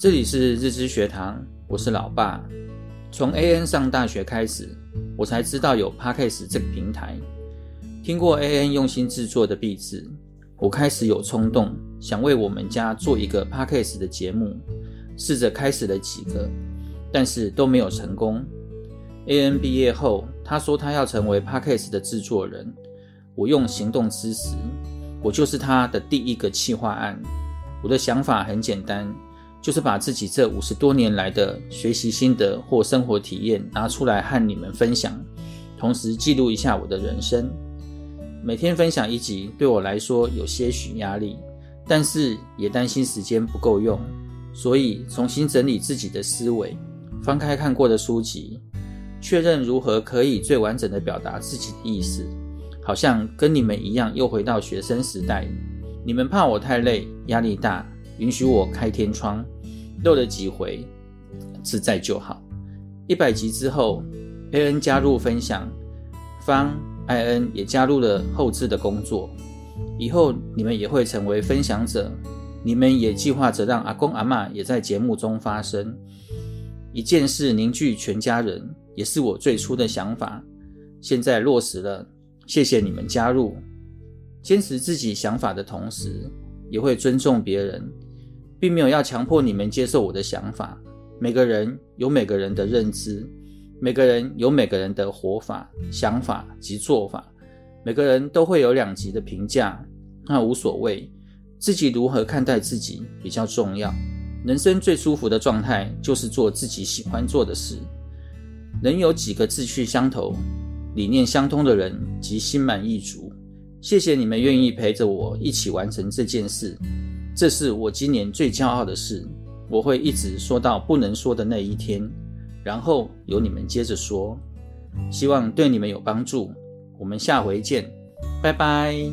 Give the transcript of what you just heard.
這裡是日知學堂，我是老爸。從 AN 上大學開始，我才知道有 Podcast 這個平台，聽過 AN 用心制作的壁紙，我開始有衝動想為我們家做一個 Podcast 的節目，試着開始了幾個，但是都沒有成功。AN 畢業後，他說他要成為 Podcast 的制作人，我用行動支持，我就是他的第一個企劃案。我的想法很簡單。就是把自己這五十多年來的學習心得或生活體驗拿出來和你們分享，同時記錄一下我的人生。每天分享一集對我來說有些許壓力，但是也擔心時間不夠用，所以重新整理自己的思維，翻開看過的書籍，確認如何可以最完整的表達自己的意思。好像跟你們一樣，又回到學生時代。你們怕我太累，壓力大。允許我開天窗，漏了幾回，自在就好。一百集之後，A N 加入分享，方 I N 也加入了後製的工作。以後你們也會成為分享者，你們也計劃着讓阿公阿嬤也在節目中發聲。一件事凝聚全家人，也是我最初的想法，現在落實了。謝謝你們加入，堅持自己想法的同時，也會尊重別人。並沒有要強迫你們接受我的想法。每個人有每個人的認知，每個人有每個人的活法、想法及做法。每個人都會有兩極的評價，那無所謂，自己如何看待自己比較重要。人生最舒服的狀態就是做自己喜歡做的事。能有幾個志趣相投、理念相通的人，即心滿意足。謝謝你們願意陪着我一起完成這件事。這是我今年最驕傲的事，我會一直說到不能說的那一天，然後由你們接着說。希望對你們有幫助，我們下回見，拜拜。